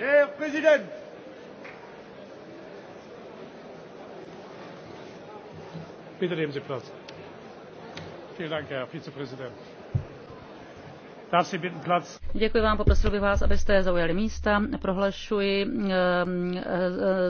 Herr Präsident! Bitte nehmen Sie Platz. Vielen Dank, Herr Vizepräsident. Děkuji vám, poprosil bych vás, abyste zaujali místa. Prohlašuji ehm, eh,